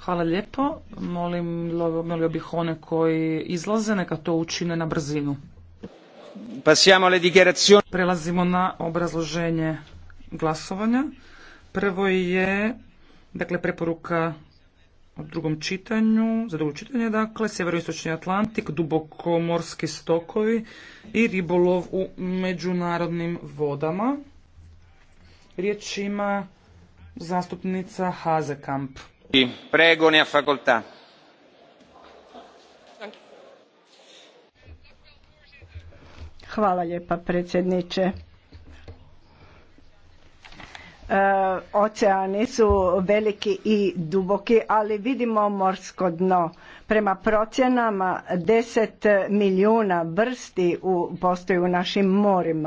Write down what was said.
Hvala lijepo. Molim, molio bih one koji izlaze, neka to učine na brzinu. Prelazimo na obrazloženje glasovanja. Prvo je, dakle, preporuka u drugom čitanju, za drugo čitanje, dakle, sjeveroistočni Atlantik, dubokomorski stokovi i ribolov u međunarodnim vodama. Riječ ima Zastupnica Hazekamp. Hvala predsjedniče. E, oceani su veliki i duboki, ali vidimo morsko dno. Prema procjenama deset milijuna vrsti postoji u našim morima.